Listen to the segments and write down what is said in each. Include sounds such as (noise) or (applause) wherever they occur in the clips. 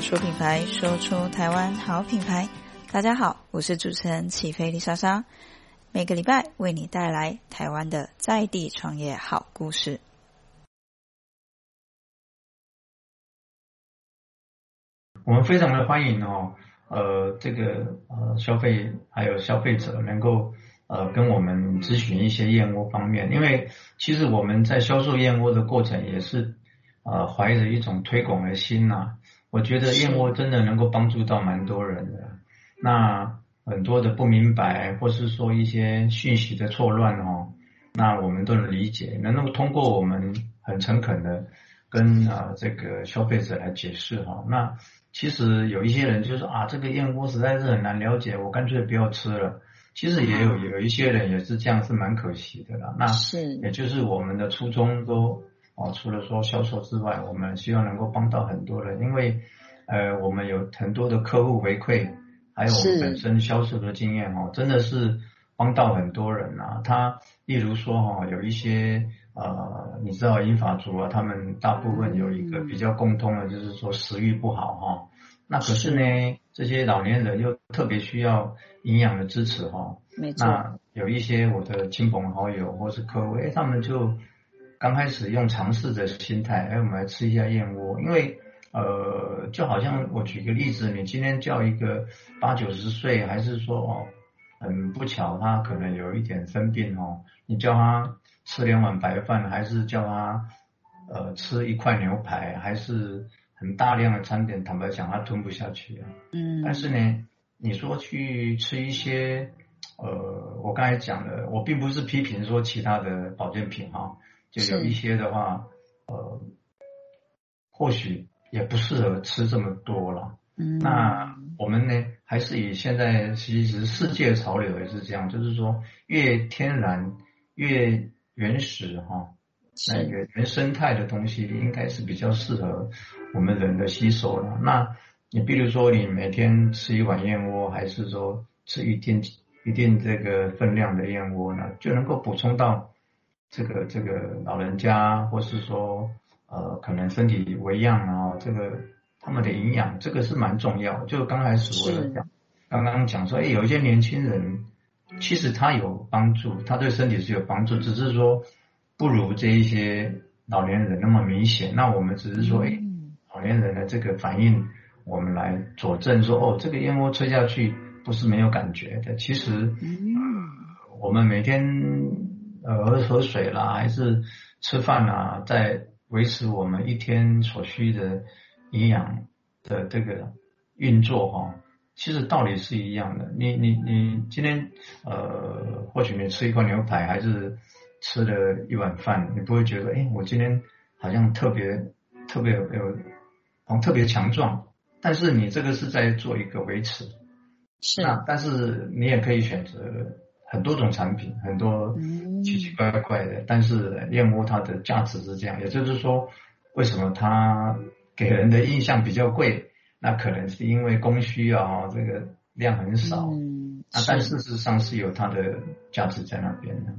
說品牌，說出台灣好品牌。大家好，我是主持人起飛麗莎莎，每個禮拜為你帶來台灣的在地創業好故事。我們非常的歡迎哦，呃，這個呃，消費還有消費者能夠呃跟我們諮詢一些燕窩方面，因為其實我們在銷售燕窩的過程也是呃懷着一種推廣的心吶、啊。我覺得燕窩真的能夠幫助到蠻多人的，那很多的不明白，或是說一些訊息的錯亂哦，那我們都能理解。那那麼通過我們很誠懇的跟啊這個消費者來解釋哈，那其實有一些人就說啊這個燕窩實在是很難了解，我乾脆不要吃了。其實也有有一些人也是這樣，是蠻可惜的啦。那是，也就是我們的初衷都。哦，除了說銷售之外，我們希望能夠幫到很多人，因為呃，我們有很多的客戶回饋，還有我們本身銷售的經驗哈，真的是幫到很多人啊。他例如說哈、哦，有一些呃，你知道銀髮族啊，他們大部分有一個比較共通的，嗯、就是說食慾不好哈、嗯。那可是呢是，這些老年人又特別需要營養的支持哈。沒錯。那有一些我的親朋好友或是客戶，哎，他們就。剛開始用嘗試的心態，誒，我們來吃一下燕窩，因為呃，就好像我舉一個例子，你今天叫一個八九十歲，還是說哦，很不巧他可能有一點生病哦，你叫他吃兩碗白飯，還是叫他呃吃一塊牛排，還是很大量的餐點，坦白講他吞不下去嗯、啊。但是呢，你說去吃一些呃，我剛才講的，我並不是批評說其他的保健品哈、哦。就有一些的話，呃，或許也不適合吃這麼多了。嗯，那我們呢，還是以現在其實世界潮流也是這樣，就是說越天然、越原始哈，那越、個、原生態的東西，應該是比較適合我們人的吸收了。那你比如說，你每天吃一碗燕窩，還是說吃一定一定這個分量的燕窩呢，就能夠補充到。這個這個老人家，或是說呃，可能身體微恙，然後這個他們的營養，這個是蠻重要。就剛才所謂的講，剛剛講說，哎，有一些年輕人其實他有幫助，他對身體是有幫助，只是說不如這一些老年人那麼明顯。那我們只是說，哎，老年人的這個反應，我們來佐證說，哦，這個燕窩吹下去不是沒有感覺的。其實我們每天。呃，喝水啦，還是吃飯啦，在維持我們一天所需的營養的這個運作哈、哦。其實道理是一樣的。你你你今天呃，或許你吃一塊牛排，還是吃了一碗飯，你不會覺得哎，我今天好像特別特別有有，哦，特別強壯。但是你這個是在做一個維持，是啊。但是你也可以選擇。很多種產品，很多奇奇怪怪的，嗯、但是燕窩它的價值是這樣，也就是說，為什麼它給人的印象比較貴？那可能是因為供需啊，這個量很少，嗯、是。但是事實上是有它的價值在那邊的。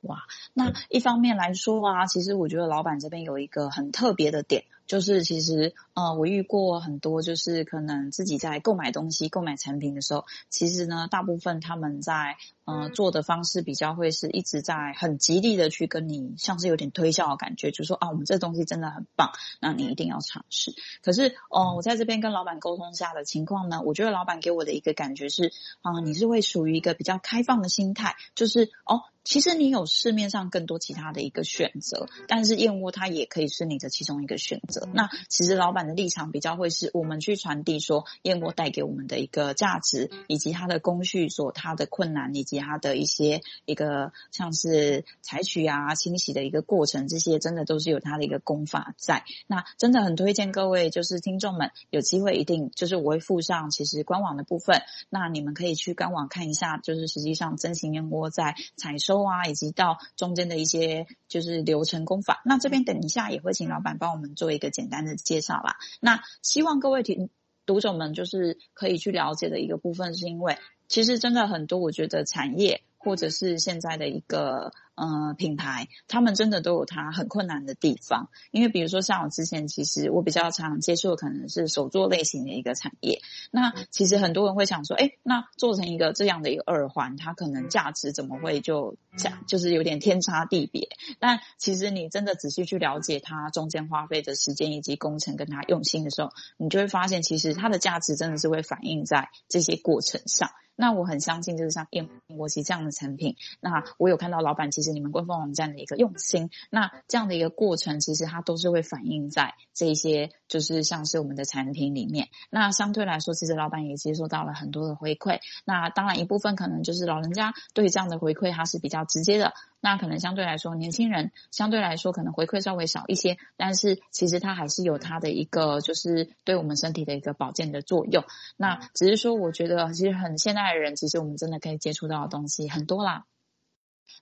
哇，那一方面來說啊，其實我覺得老闆這邊有一個很特別的點。就是其實啊、呃，我遇過很多，就是可能自己在購買東西、購買產品的時候，其實呢，大部分他們在嗯、呃、做的方式比較會是一直在很極力的去跟你，像是有點推銷的感覺，就是、說啊，我們這東西真的很棒，那你一定要嘗試。可是哦、呃，我在這邊跟老板溝通下的情況呢，我覺得老板給我的一個感覺是啊、呃，你是會屬於一個比較開放的心態，就是哦，其實你有市面上更多其他的一個選擇，但是燕窩它也可以是你的其中一個選擇。那其實老板的立場比較會是我們去傳遞說，燕窩帶給我們的一個價值，以及它的工序所它的困難，以及它的一些一個像是採取啊、清洗的一個過程，這些真的都是有它的一個功法在。那真的很推薦各位就是聽眾們有機會一定，就是我會附上其實官網的部分，那你們可以去官網看一下，就是實際上真情燕窩在採收啊，以及到中間的一些就是流程工法。那這邊等一下也會請老板幫我們做一個。簡單的介紹啦，那希望各位聽讀者們就是可以去了解的一個部分，是因為其實真的很多，我覺得產業。或者是現在的一個呃品牌，他們真的都有它很困難的地方。因為比如說像我之前，其實我比較常接觸的可能是手作類型的一個產業。那其實很多人會想說，哎、欸，那做成一個這樣的一個耳環，它可能價值怎麼會就價就是有點天差地別？但其實你真的仔細去了解它中間花費的時間以及工程跟它用心的時候，你就會發現，其實它的價值真的是會反映在這些過程上。那我很相信，就是像燕國旗這樣的產品。那我有看到老闆，其實你們官方網站的一個用心。那這樣的一個過程，其實它都是會反映在這一些，就是像是我們的產品裡面。那相對來說，其實老闆也接收到了很多的回饋。那當然，一部分可能就是老人家對這樣的回饋，他是比較直接的。那可能相對來說，年輕人相對來說可能回饋稍微少一些，但是其實它還是有它的一個，就是對我們身體的一個保健的作用。那只是說，我覺得其實很現代的人，其實我們真的可以接觸到的東西很多啦。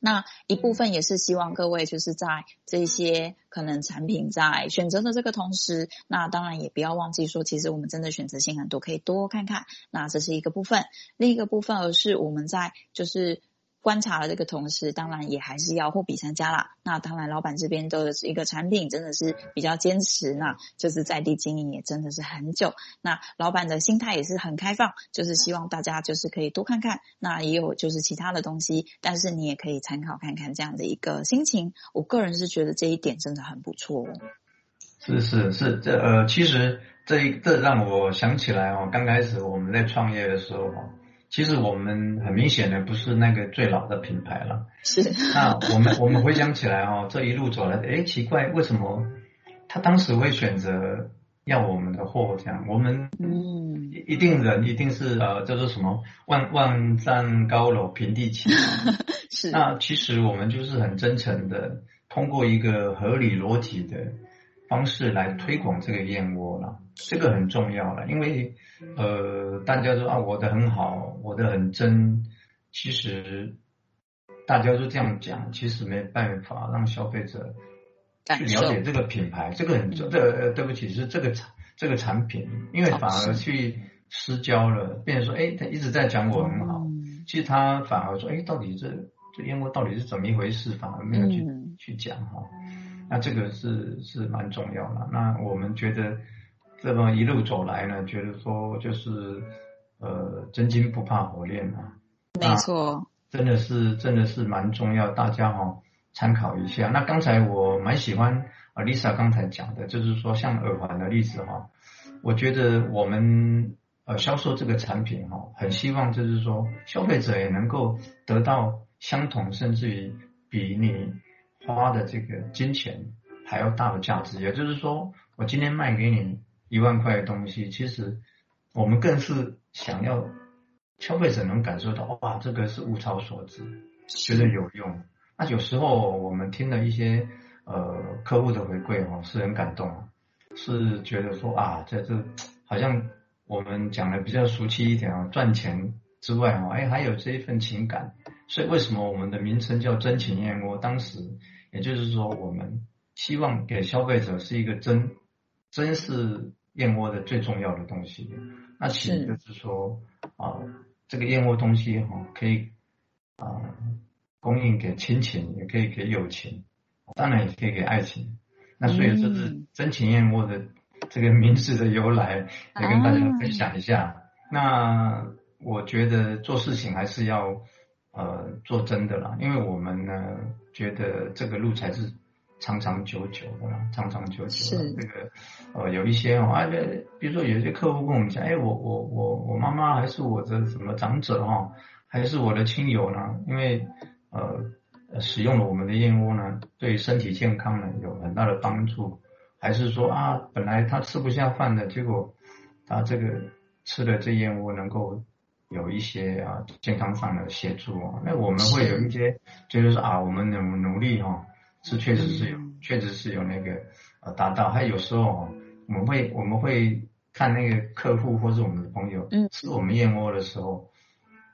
那一部分也是希望各位就是在這些可能產品在選擇的這個同時，那當然也不要忘記說，其實我們真的選擇性很多，可以多看看。那這是一個部分，另一個部分而是我們在就是。觀察了這個同事，當然也還是要貨比三家啦。那當然，老闆這邊都是一個產品，真的是比較堅持呢。那就是在地經營也真的是很久。那老闆的心態也是很開放，就是希望大家就是可以多看看。那也有就是其他的東西，但是你也可以參考看看這樣的一個心情。我個人是覺得這一點真的很不錯哦。是是是，這呃，其實這這讓我想起來哦，剛開始我們在創業的時候其實我們很明顯的不是那個最老的品牌了。是。 (laughs) 那我們我們回想起來哦，這一路走來的，哎，奇怪，為什麼他當時會選擇要我們的貨？這樣，我們嗯，一定人一定是呃，叫做什麼萬萬丈高樓平地起來。 (laughs) 是。那其實我們就是很真誠的，通過一個合理邏輯的。方式來推廣這個燕窩了，這個很重要了，因為呃，大家都說啊，我的很好，我的很真，其實大家都這樣講，其實沒辦法讓消費者去了解這個品牌，這個很重要、嗯、這、呃、對不起，是這個產這個產品，因為反而去失焦了，變成說哎，他一直在講我很好，嗯、其實他反而說哎，到底這這燕窩到底是怎麼一回事，反而沒有去、嗯、去講哈。那這個是是蠻重要的。那我們覺得，這麼一路走來呢，覺得說就是呃，真金不怕火煉啊。沒錯，真的是真的是蠻重要，大家哈、哦、參考一下。那剛才我蠻喜歡啊，Lisa 剛才講的，就是說像耳環的例子哈，我覺得我們呃銷售這個產品哈、哦，很希望就是說消費者也能夠得到相同，甚至於比你。花的這個金錢還要大的價值，也就是說，我今天賣給你一萬塊的東西，其實我們更是想要消費者能感受到，哇，這個是物超所值，覺得有用。那、啊、有時候我們聽了一些呃客戶的回饋哦，是很感動，是覺得說啊，這這好像我們講的比較俗氣一點啊，賺錢。之外哈，哎，還有這一份情感，所以為什麼我們的名稱叫真情燕窩？當時也就是說，我們希望給消費者是一個真，真，是燕窩的最重要的東西。那其就是說啊、呃，這個燕窩東西哈，可以啊，供應給親情，也可以給友情，當然也可以給愛情。那所以這是真情燕窩的這個名字的由來，也跟大家分享一下。哎、那。我覺得做事情還是要呃做真的啦，因為我們呢覺得這個路才是長長久久的啦，長長久久的是。這個呃有一些、哦、啊，比如說有一些客戶跟我們講，哎，我我我我媽媽還是我的什麼長者哈、哦，還是我的親友呢，因為呃使用了我們的燕窩呢，對身體健康呢有很大的幫助，還是說啊本來他吃不下飯的結果他這個吃了這燕窩能夠。有一些啊健康上的協助哦，那我們會有一些就是說啊，我們的努力哈是確實是有，確實是有那個呃達到。還有有時候哈，我們會我們會看那個客戶或是我們的朋友嗯吃我們燕窩的時候，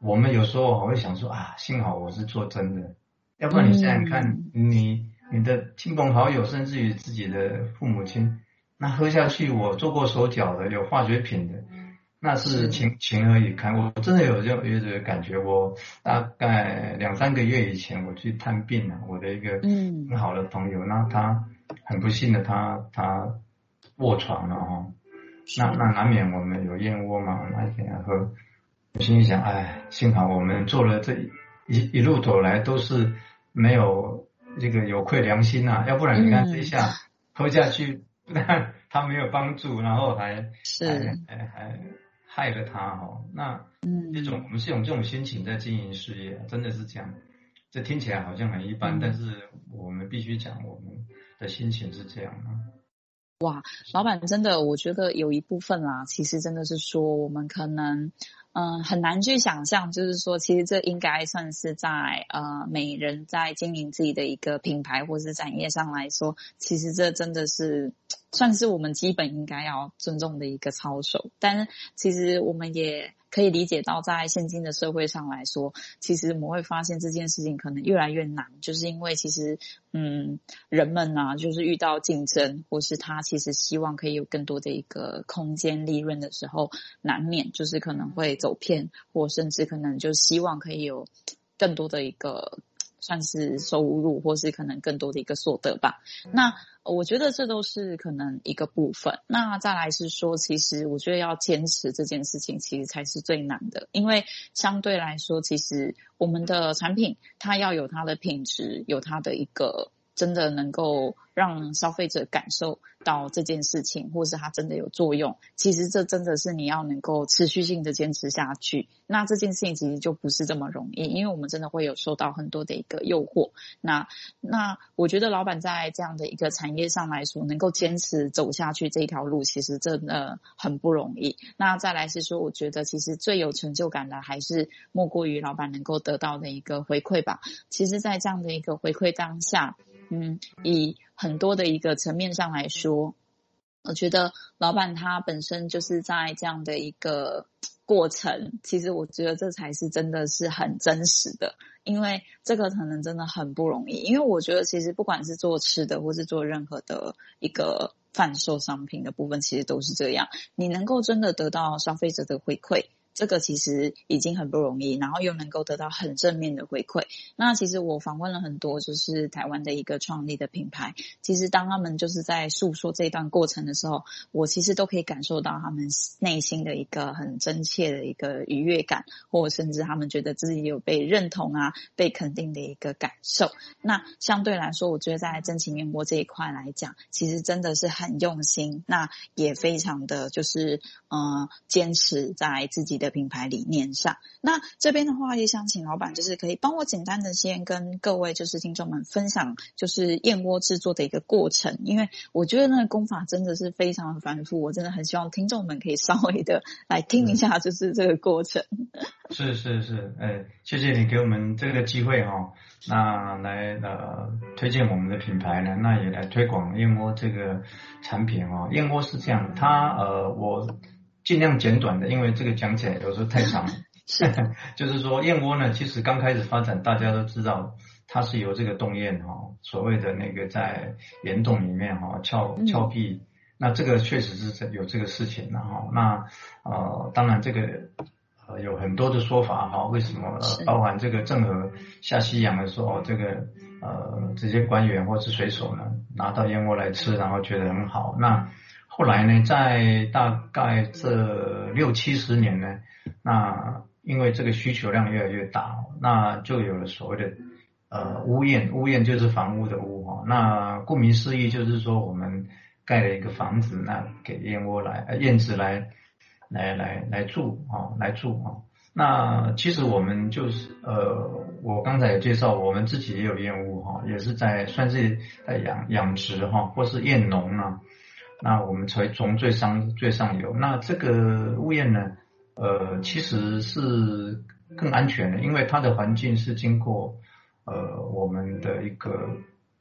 我們有時候會想說啊，幸好我是做真的，要不然你現在看你你的親朋好友甚至於自己的父母親，那喝下去我做過手腳的有化學品的。那是情情何以堪！我真的有有有這個感覺。我大概兩三個月以前我去探病了，我的一個很好的朋友，嗯、那他很不幸的他他臥床了哦。那那難免我們有燕窩嘛，那也要喝。我心裡想，哎，幸好我們做了這一一,一路走來都是沒有這個有愧良心吶、啊，要不然你看這一下喝下去不但、嗯、 (laughs) 他沒有幫助，然後還還還。還還害了他哈，那這種我們是用這種心情在經營事業，真的是這樣。這聽起來好像很一般，嗯、但是我們必須講，我們的心情是這樣的。哇，老闆真的，我覺得有一部分啊，其實真的是說，我們可能嗯、呃、很難去想象，就是說，其實這應該算是在呃每人在經營自己的一個品牌或是產業上來說，其實這真的是。算是我們基本應該要尊重的一個操守，但其實我們也可以理解到，在現今的社會上來說，其實我們會發現這件事情可能越來越難，就是因為其實，嗯，人們呢、啊，就是遇到競爭，或是他其實希望可以有更多的一個空間、利潤的時候，難免就是可能會走偏，或甚至可能就希望可以有更多的一個。算是收入，或是可能更多的一個所得吧。那我覺得這都是可能一個部分。那再來是說，其實我覺得要堅持這件事情，其實才是最難的，因為相對來說，其實我們的產品它要有它的品質，有它的一個。真的能夠讓消費者感受到這件事情，或是它真的有作用。其實這真的是你要能夠持續性的堅持下去。那這件事情其實就不是這麼容易，因為我們真的會有受到很多的一個誘惑。那那我覺得老闆在這樣的一個產業上來說，能夠堅持走下去這條路，其實真的很不容易。那再來是說，我覺得其實最有成就感的，還是莫過於老闆能夠得到的一個回饋吧。其實，在這樣的一個回饋當下。嗯，以很多的一個層面上來說，我覺得老闆他本身就是在這樣的一個過程，其實我覺得這才是真的是很真實的，因為這個可能真的很不容易。因為我覺得其實不管是做吃的，或是做任何的一個販售商品的部分，其實都是這樣，你能夠真的得到消費者的回饋。這個其實已經很不容易，然後又能夠得到很正面的回饋。那其實我訪問了很多，就是台灣的一個創立的品牌。其實當他們就是在訴說這段過程的時候，我其實都可以感受到他們內心的一個很真切的一個愉悅感，或甚至他們覺得自己有被認同啊、被肯定的一個感受。那相對來說，我覺得在真情面膜這一塊來講，其實真的是很用心，那也非常的就是嗯、呃、堅持在自己的品牌理念上，那這邊的話也想請老闆，就是可以幫我簡單的先跟各位就是聽眾們分享，就是燕窩製作的一個過程，因為我覺得那個工法真的是非常的繁複，我真的很希望聽眾們可以稍微的來聽一下，就是這個過程。嗯、是是是，呃、欸，謝謝你給我們這個機會哈、哦，那來呃推薦我們的品牌呢，那也來推廣燕窩這個產品哦。燕窩是這樣，它呃我。盡量簡短的，因為這個講起來有時候太長。是， (laughs) 就是說燕窩呢，其實剛開始發展，大家都知道它是由這個洞燕哈，所謂的那個在岩洞裡面哈，峭峭壁，那這個確實是有這個事情，那呃，當然這個、呃、有很多的說法哈，為什麼、呃、包含這個鄭和下西洋的時候，這個呃這些官員或是水手呢拿到燕窩來吃，然後覺得很好，那。後來呢，在大概這六七十年呢，那因為這個需求量越來越大，那就有了所謂的呃屋燕，屋燕就是房屋的屋哈。那顧名思義，就是說我們蓋了一個房子，那給燕窩來，呃、燕子來來來來住啊，來住、啊、那其實我們就是呃，我剛才也介紹，我們自己也有燕屋哈、啊，也是在算是在養養殖哈、啊，或是燕農、啊那我們才從最上最上游，那這個屋燕呢，呃，其實是更安全的，因為它的環境是經過呃我們的一個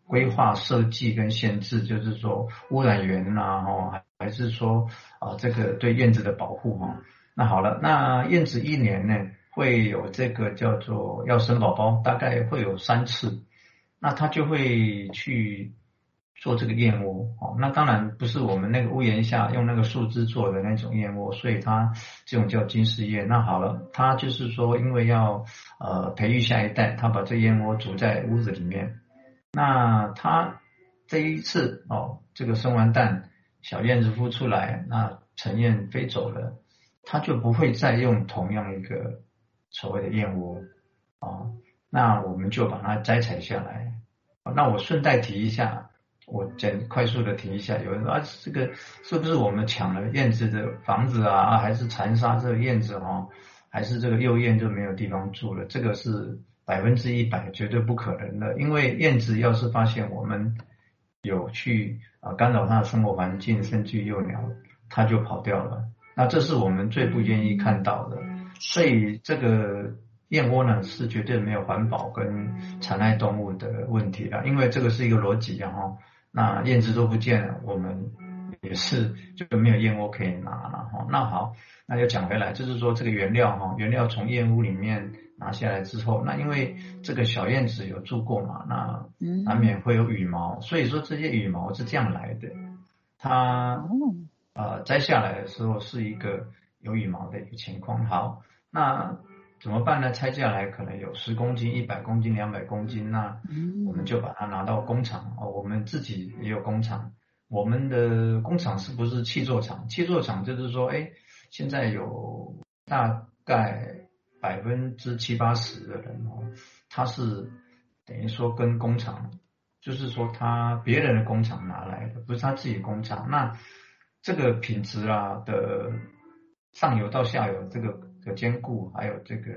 規劃設計跟限制，就是說污染源啊，哈，還是說啊、呃、這個對燕子的保護哈。那好了，那燕子一年呢會有這個叫做要生寶寶，大概會有三次，那它就會去。做這個燕窩哦，那當然不是我們那個屋檐下用那個樹枝做的那種燕窩，所以它這種叫金絲燕。那好了，它就是說，因為要呃培育下一代，它把這燕窩煮在屋子裡面。那它這一次哦，這個生完蛋，小燕子孵出來，那成燕飛走了，它就不會再用同樣一個所謂的燕窩哦。那我們就把它摘採下來。那我順帶提一下。我簡快速的提一下，有人說啊，這個是不是我們搶了燕子的房子啊？啊還是殘殺這個燕子哦，還是這個幼燕就沒有地方住了？這個是百分之一百絕對不可能的，因為燕子要是發現我們有去啊干擾它的生活環境，甚至於幼鳥，它就跑掉了。那這是我們最不願意看到的，所以這個。燕窩呢是絕對沒有環保跟殘害動物的問題的，因為這個是一個邏輯、啊，然後那燕子都不見了，我們也是就沒有燕窩可以拿了哈。那好，那就講回來，就是說這個原料哈，原料從燕屋裡面拿下來之後，那因為這個小燕子有住過嘛，那難免會有羽毛，所以說這些羽毛是這樣來的，它呃摘下來的時候是一個有羽毛的一個情況。好，那。怎麼辦呢？拆下來可能有十公斤、一百公斤、兩百公斤，那我們就把它拿到工廠哦。我們自己也有工廠，我們的工廠是不是契作廠？契作廠就是說，哎，現在有大概百分之七八十的人哦，他是等於說跟工廠，就是說他別人的工廠拿來的，不是他自己的工廠。那這個品質啊的上游到下游這個。可兼顧，還有這個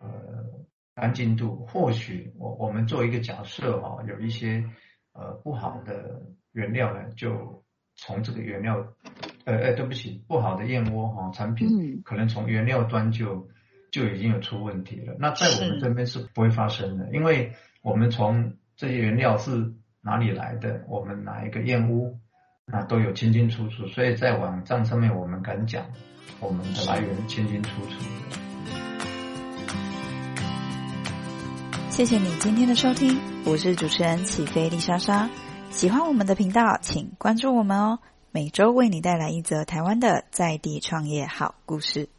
呃乾淨度，或許我我們做一個假設哈、哦，有一些呃不好的原料呢，就從這個原料，呃呃對不起，不好的燕窩哈、哦、產品、嗯，可能從原料端就就已經有出問題了。那在我們這邊是不會發生的，因為我們從這些原料是哪裡來的，我們哪一個燕屋。那、啊、都有清清楚楚，所以在網站上面我們敢講，我們的來源清清楚楚。謝謝你今天的收聽，我是主持人起飛麗莎莎，喜歡我們的頻道，請關注我們哦，每周為你帶來一則台灣的在地創業好故事。